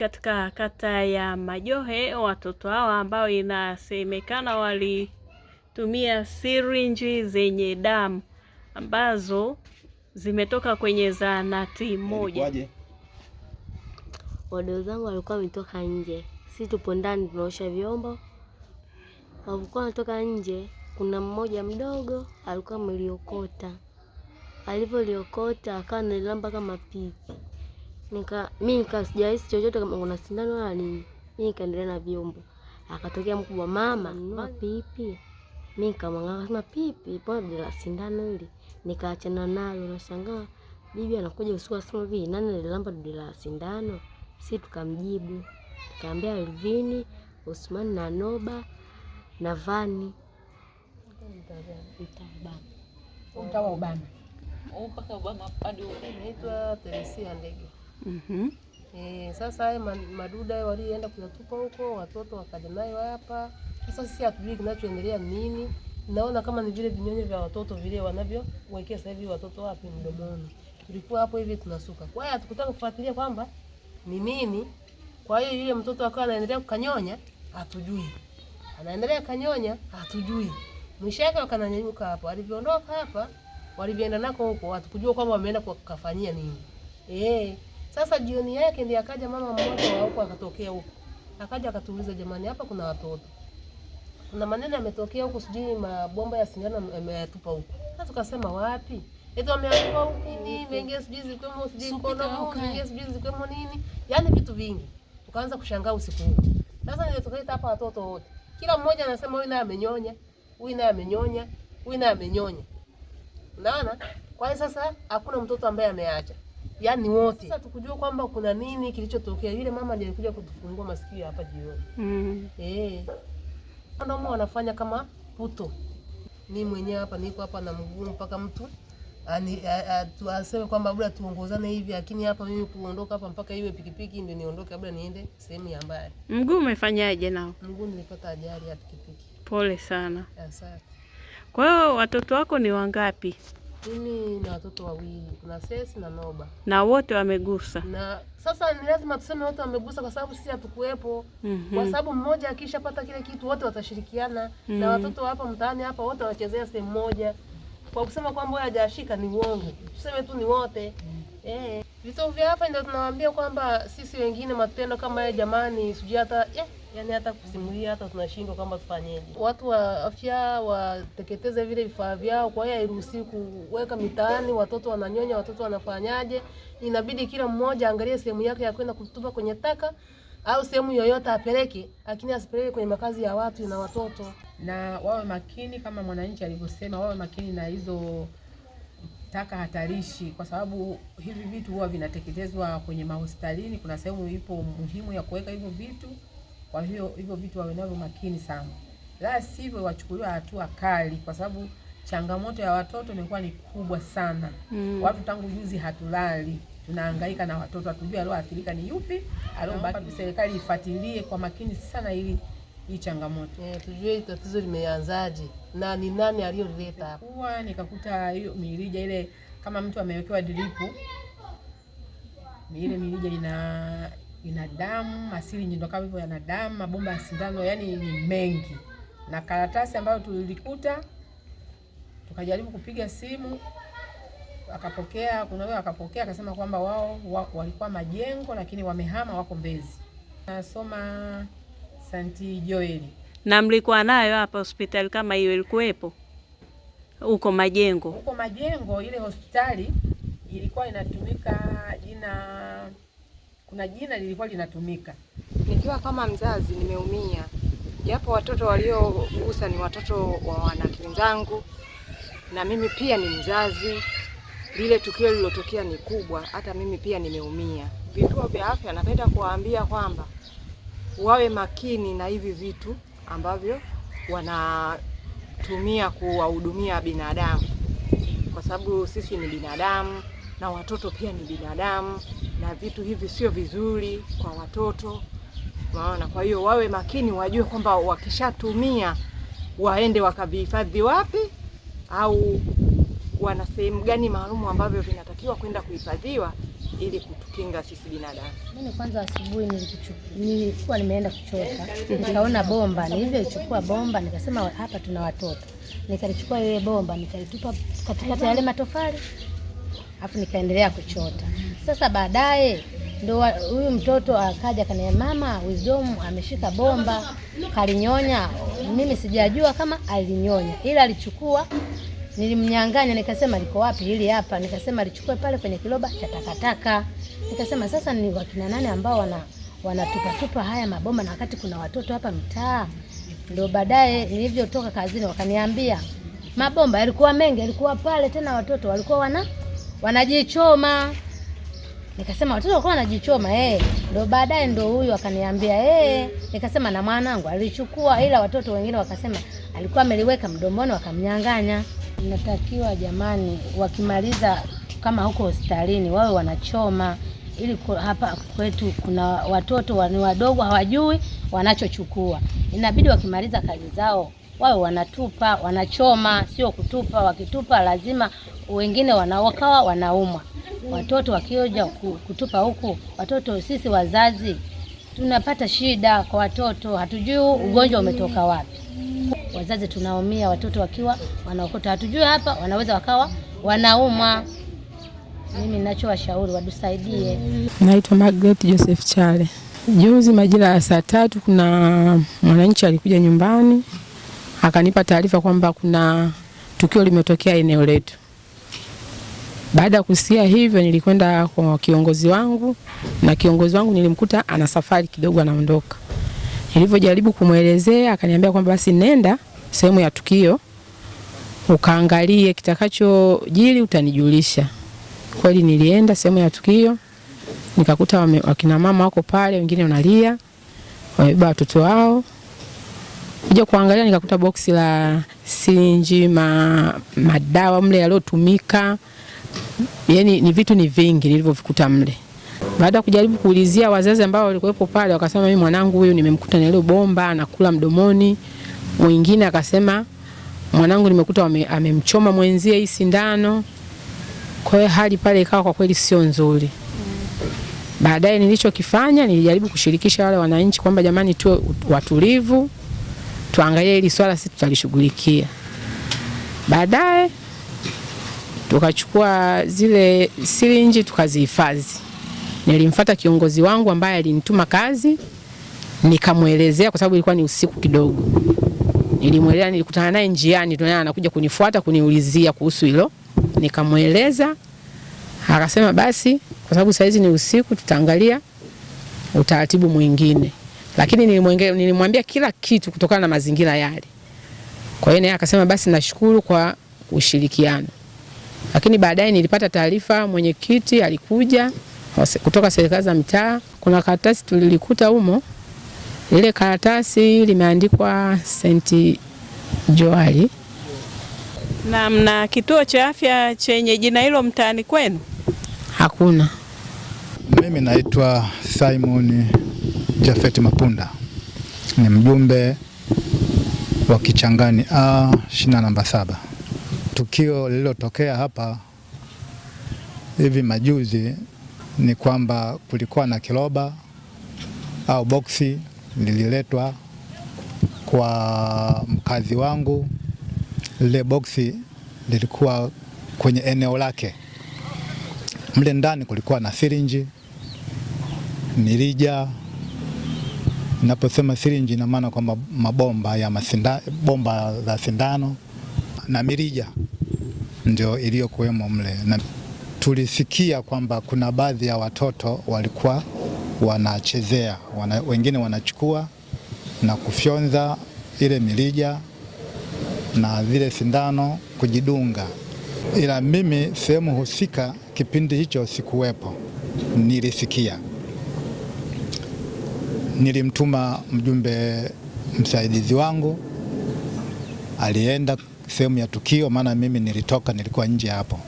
Katika kata ya Majohe watoto hawa ambao inasemekana walitumia sirinji zenye damu ambazo zimetoka kwenye zahanati moja. Wadogo zangu walikuwa wametoka nje, si tupo ndani tunaosha vyombo. Walikuwa wanatoka nje, kuna mmoja mdogo alikuwa ameliokota, alivyoliokota akawa analilamba kama pipi nika mimi nika sijahisi chochote kama kuna sindano wala nini, mimi nikaendelea na vyombo. Akatokea mkubwa mama nunua pipi, mimi nikamwangalia kasema pipi poa bila sindano ile, nikaachana nalo. Nashangaa bibi anakuja usiku asema hivi, nani alilamba bila sindano? Si tukamjibu tukaambia Alvini, Usmani na Noba na Vani mtawa ubana mpaka ubana, hadi Teresia Ndege mm -hmm. E, sasa hayo maduda walienda kuyatupa huko, watoto wakaja nayo hapa. Sasa sisi hatujui kinachoendelea nini. Naona kama ni vile vinyonyo vya watoto vile wanavyowekea sasa hivi watoto wapi mdomoni. Tulikuwa hapo hivi tunasuka. Kwa hiyo hatukutaka kufuatilia kwamba ni nini. Kwa hiyo yule mtoto akawa anaendelea kukanyonya, hatujui. Anaendelea kanyonya, hatujui. Mwisho wake wakananyanyuka hapo. Alivyoondoka hapa, walivyoenda nako huko, hatukujua kwamba wameenda kwa kukafanyia nini. Eh, sasa jioni yake ndiye akaja mama mmoja wa huko akatokea huko. Akaja akatuuliza, jamani, hapa kuna watoto. Kuna maneno yametokea huko, sijui mabomba ya sindano yametupa huko. Sasa tukasema wapi? Eti wameanguka huko nini? Mengine sijui zikwemo sijui mkono, mengine sijui zikwemo nini? Yaani vitu vingi. Tukaanza kushangaa usiku huo. Sasa ndio tukaita hapa watoto wote. Kila mmoja anasema huyu naye amenyonya, huyu naye amenyonya, huyu naye amenyonya. Unaona? Kwa hiyo sasa hakuna mtoto ambaye ameacha yani wote. Sasa tukujua kwamba kuna nini kilichotokea. Yule mama ndiye alikuja kutufungua masikio hapa jioni mm. Eh, ndomo wanafanya kama puto. Mimi mwenyewe hapa niko hapa na mguu mpaka mtu ani aseme kwamba labda tuongozane hivi, lakini hapa mimi kuondoka hapa mpaka iwe pikipiki ndio niondoke, labda niende sehemu ya mbali. Mguu umefanyaje nao? Mguu nilipata ajali ya pikipiki. Pole sana. Asante. Kwa hiyo watoto wako ni wangapi? Mimi na watoto wawili, kuna Sesi na Noba, na wote wamegusa. Na sasa ni lazima tuseme wote wamegusa, kwa sababu sisi hatukuwepo. mm -hmm. Kwa sababu mmoja akishapata kile kitu wote watashirikiana. mm -hmm. Na mhm. watoto hapa mtaani hapa wote wanachezea sehemu moja, kwa kusema kwamba wewe hajashika ni uongo, tuseme tu ni wote. mm -hmm. Eh, vitu vya hapa ndio tunawaambia kwamba sisi wengine matendo kama ya jamani, sijui hata eh, Yaani hata kusimulia hata tunashindwa kwamba tufanyeje. Watu wa afya wateketeze vile vifaa vyao, kwa hiyo hairuhusi kuweka mitaani. Watoto wananyonya, watoto wanafanyaje? Inabidi kila mmoja angalie sehemu yake ya kwenda kutupa kwenye taka au sehemu yoyote apeleke, lakini asipeleke kwenye makazi ya watu na watoto. Na wawe makini kama mwananchi alivyosema, wawe makini na hizo taka hatarishi, kwa sababu hivi vitu huwa vinateketezwa kwenye mahospitalini. Kuna sehemu ipo muhimu ya kuweka hivyo vitu. Kwa hiyo hivyo vitu wawe navyo makini sana, la sivyo wachukuliwa hatua kali, kwa sababu changamoto ya watoto imekuwa ni kubwa sana mm. Watu tangu juzi hatulali, tunahangaika na watoto, hatujui alioathirika ni yupi aliobaki. Serikali ifuatilie kwa makini sana ili hii changamoto yeah, tujue tatizo limeanzaje na ni nani aliyoleta hapa. Kwa nikakuta hiyo mirija ile kama mtu amewekewa dripu, ile mirija ina ina damu, asili nyindo kama hivyo yana damu, mabomba ya sindano, yani ni mengi, na karatasi ambayo tulikuta tukajaribu kupiga simu akapokea kuna wewe akapokea akasema kwamba wao wa, walikuwa majengo lakini wamehama wako Mbezi. Nasoma Santi Joeli. Na mlikuwa nayo hapa hospitali kama hiyo ilikuwepo huko majengo? Huko majengo ile hospitali ilikuwa inatumika jina kuna jina lilikuwa linatumika. Nikiwa kama mzazi nimeumia, japo watoto waliogusa ni watoto wa wanakinzangu na mimi pia ni mzazi. Lile tukio lililotokea ni kubwa, hata mimi pia nimeumia. Vituo vya afya napenda kuwaambia kwamba wawe makini na hivi vitu ambavyo wanatumia kuwahudumia binadamu, kwa sababu sisi ni binadamu na watoto pia ni binadamu, na vitu hivi sio vizuri kwa watoto, maana Kwa hiyo wawe makini, wajue kwamba wakishatumia waende wakavihifadhi wapi, au wana sehemu gani maalumu ambavyo vinatakiwa kwenda kuhifadhiwa ili kutukinga sisi binadamu. Mimi kwanza asubuhi nilikuwa nimeenda kuchota, nikaona bomba, nilivyoichukua bomba nikasema hapa tuna watoto, nikalichukua ile bomba nikalitupa katikati ya yale matofali afu nikaendelea kuchota. Sasa baadaye ndo huyu mtoto akaja kaniambia, mama Wisdom ameshika bomba kalinyonya. Mimi sijajua kama alinyonya, ila alichukua nilimnyang'anya nikasema, liko wapi? Hili hapa. Nikasema lichukue pale kwenye kiloba cha takataka. Nikasema sasa ni wakina nani ambao wana wanatupatupa haya mabomba na wakati kuna watoto hapa mtaa? Ndio baadaye nilivyotoka kazini wakaniambia mabomba yalikuwa mengi, yalikuwa pale, tena watoto walikuwa wana wanajichoma. Nikasema watoto wako wanajichoma eh. Ndo baadaye ndo huyu akaniambia eh, nikasema na mwanangu alichukua, ila watoto wengine wakasema alikuwa ameliweka mdomoni wakamnyang'anya. Natakiwa jamani, wakimaliza kama huko hospitalini wawe wanachoma ili hapa kwetu kuna watoto ni wadogo hawajui wanachochukua, inabidi wakimaliza kazi zao wao wanatupa, wanachoma, sio kutupa. Wakitupa lazima wengine wanaokawa wanaumwa, watoto wakioja kutupa huku, watoto sisi wazazi tunapata shida kwa watoto, hatujui ugonjwa umetoka wapi. Wazazi tunaumia, watoto wakiwa wanaokota, hatujui hapa wanaweza wakawa wanaumwa. Mimi ninachowashauri watusaidie. Naitwa Margaret Joseph Chale. Juzi majira ya saa tatu kuna mwananchi alikuja nyumbani akanipa taarifa kwamba kuna tukio limetokea eneo letu. Baada ya kusikia hivyo, nilikwenda kwa kiongozi wangu na kiongozi wangu nilimkuta ana safari kidogo, anaondoka. Nilivyojaribu kumwelezea, akaniambia kwamba basi nenda sehemu ya tukio ukaangalie, kitakachojiri utanijulisha. Kweli nilienda sehemu ya tukio, nikakuta wakina mama wako pale, wengine wanalia, wamebeba watoto wao kuja kuangalia nikakuta boksi la sirinji ma, madawa mle yaliyotumika, yani ni vitu ni vingi nilivyovikuta mle. Baada ya kujaribu kuulizia wazazi ambao walikuwepo pale, wakasema mimi mwanangu huyu nimemkuta na ile bomba anakula mdomoni. Mwingine akasema mwanangu nimekuta amemchoma mwenzie hii sindano. Kwa hiyo hali pale ikawa kwa kweli sio nzuri. Baadaye nilichokifanya nilijaribu kushirikisha wale wananchi kwamba jamani, tuwe watulivu tuangalie hili swala, sisi tutalishughulikia baadaye. Tukachukua zile silinji tukazihifadhi. Nilimfuata kiongozi wangu ambaye alinituma kazi, nikamwelezea kwa sababu ilikuwa ni usiku kidogo. Nilimwelezea, nilikutana naye njiani, tunaona anakuja kunifuata kuniulizia kuhusu hilo, nikamweleza. Akasema basi, kwa sababu saizi ni usiku, tutaangalia utaratibu mwingine lakini nilimwambia kila kitu kutokana na mazingira yale. Kwa hiyo naye akasema basi nashukuru kwa ushirikiano, lakini baadaye nilipata taarifa, mwenyekiti alikuja kutoka serikali za mitaa. Kuna karatasi tulilikuta humo, lile karatasi limeandikwa St. Joali. Na mna kituo cha afya chenye jina hilo mtaani kwenu? Hakuna. Mimi naitwa Simon Jafet Mapunda, ni mjumbe wa Kichangani A shina namba saba. Tukio lililotokea hapa hivi majuzi ni kwamba kulikuwa na kiroba au boksi lililetwa kwa mkazi wangu. Lile boksi lilikuwa kwenye eneo lake, mle ndani kulikuwa na sirinji mirija. Naposema sirinji, ina maana kwamba mabomba ya masinda, bomba za sindano na mirija ndio iliyokuwemo mle, na tulisikia kwamba kuna baadhi ya watoto walikuwa wanachezea wana, wengine wanachukua na kufyonza ile mirija na zile sindano kujidunga, ila mimi sehemu husika kipindi hicho sikuwepo, nilisikia nilimtuma mjumbe msaidizi wangu, alienda sehemu ya tukio, maana mimi nilitoka, nilikuwa nje hapo.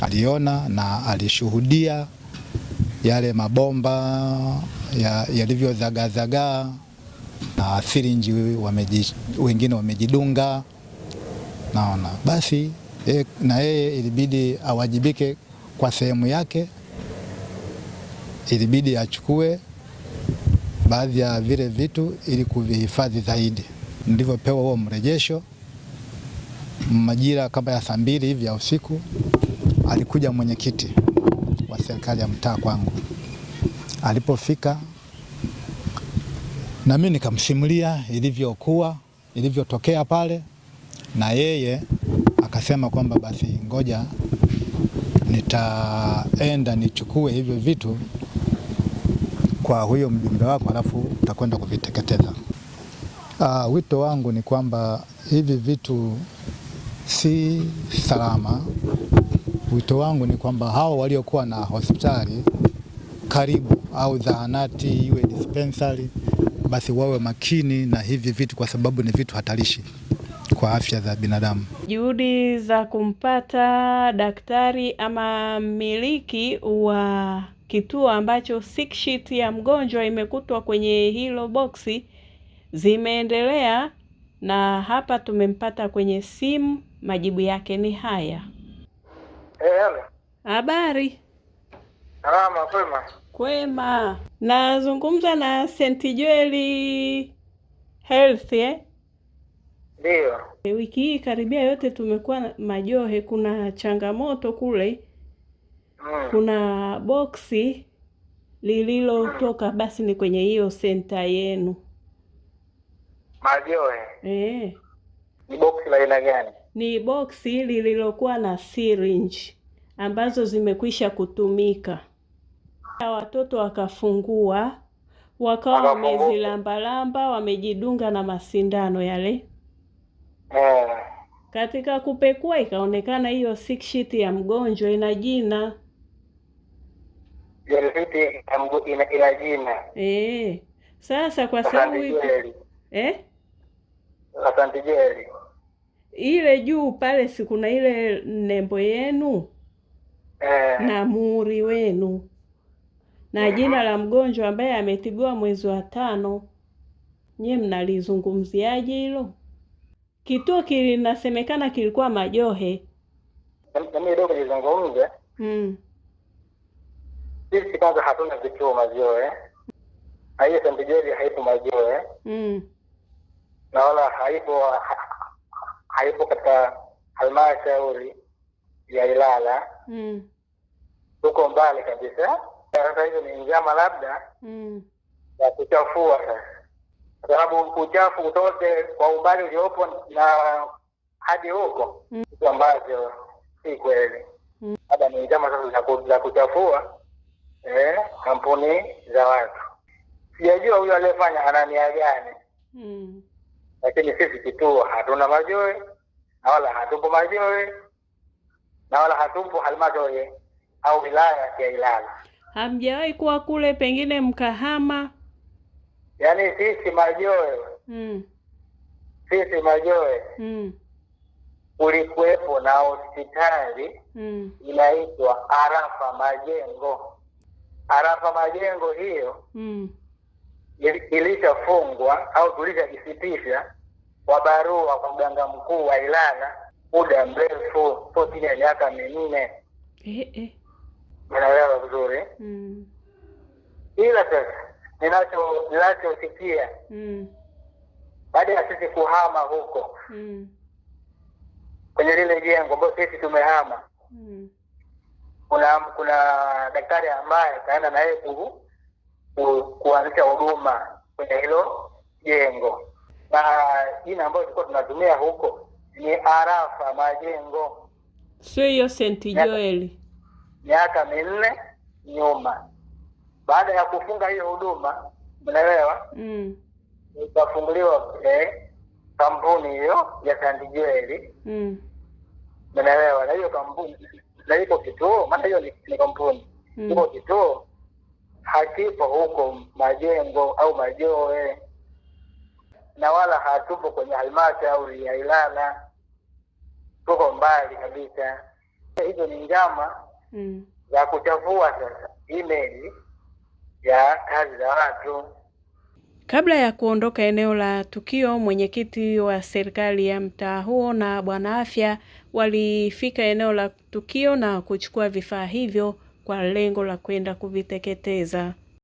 Aliona na alishuhudia yale mabomba yalivyozagaazagaa ya na sirinji wameji, wengine wamejidunga naona basi e, na yeye ilibidi awajibike kwa sehemu yake, ilibidi achukue baadhi ya vile vitu ili kuvihifadhi zaidi. Nilivyopewa huo mrejesho, majira kama ya saa mbili hivi ya usiku, alikuja mwenyekiti wa serikali ya mtaa kwangu. Alipofika na mimi nikamsimulia ilivyokuwa ilivyotokea pale, na yeye akasema kwamba basi ngoja nitaenda nichukue hivyo vitu kwa huyo mjumbe wako, alafu utakwenda kuviteketeza. Uh, wito wangu ni kwamba hivi vitu si salama. Wito wangu ni kwamba hao waliokuwa na hospitali karibu au zahanati iwe dispensari, basi wawe makini na hivi vitu, kwa sababu ni vitu hatarishi kwa afya za binadamu. Juhudi za kumpata daktari ama mmiliki wa kituo ambacho sick sheet ya mgonjwa imekutwa kwenye hilo boksi zimeendelea, na hapa tumempata kwenye simu. Majibu yake ni haya. Eh, hey, habari Salama, kwema. Kwema. Nazungumza na St. Joel Health eh? Ndio. Wiki hii karibia yote tumekuwa Majohe, kuna changamoto kule Ah. kuna boksi lililotoka basi ni kwenye hiyo senta yenu Majoe? Eh. Ni boksi la aina gani? Ni boksi lililokuwa na syringe ambazo zimekwisha kutumika, watoto wakafungua wakawa wamezilambalamba wamejidunga na masindano yale eh. Katika kupekua ikaonekana hiyo sick sheet ya mgonjwa ina jina ina, ina jina eh, Sasa kwa sababu eh, asante Jeri, ile juu pale si kuna ile nembo yenu eh, na muhuri wenu na mm -hmm. jina la mgonjwa ambaye ametibiwa mwezi wa tano, nyie mnalizungumziaje hilo? Kituo kilinasemekana kilikuwa Majohe. Nami kidogo nizungumze mm. Sisi kwanza hatuna vituo Majoe na hiyo sembijeri haipo Majoe eh. mm. na wala haipo haipo katika halmashauri ya Ilala mm. huko mbali kabisa. Sasa hizo ni njama labda mm. ya kuchafua sasa, kwa sababu uchafu utoke kwa umbali uliopo na hadi huko, mm. kitu ambacho si kweli, mm. labda ni njama sasa za kuchafua eh, kampuni za watu. Sijajua huyo aliyefanya ana nia gani mm. Lakini sisi kituo hatuna majoe na wala hatupo majoe na wala hatupo halmashauri au wilaya ya Ilala. Hamjawahi kuwa kule, pengine mkahama? Yaani sisi majoe mm. sisi majoe mm. kulikuwepo na hospitali mm. inaitwa Arafa Majengo Arafa Majengo hiyo mm. ilishafungwa au tulishajisitisha kwa barua kwa mganga mkuu wa Ilala muda mrefu, sio chini ya miaka minne. Eh, eh. Unaelewa vizuri mm. Ila sasa ninacho ninachosikia mm. baada ya sisi kuhama huko mm. kwenye lile jengo ambayo sisi tumehama mm kuna kuna daktari ambaye kaenda na yeye ku, ku, kuanzisha huduma kwenye hilo jengo, na jina ambayo tulikuwa tunatumia huko ni Arafa Majengo, sio hiyo St Joel, miaka minne nyuma. Baada ya kufunga hiyo huduma, mnaelewa mm. ikafunguliwa eh, kampuni hiyo ya St Joel mm. mnaelewa, na hiyo kampuni na iko kituo, maana hiyo ni, ni kampuni mm. iko kituo hakipo huko majengo au majoe, na wala hatupo kwenye halmashauri ya Ilala, tuko mbali kabisa. Hizo ni njama mm. kuchafua sasa imeli ya kazi za watu. Kabla ya kuondoka eneo la tukio, mwenyekiti wa serikali ya mtaa huo na bwana afya walifika eneo la tukio na kuchukua vifaa hivyo kwa lengo la kwenda kuviteketeza.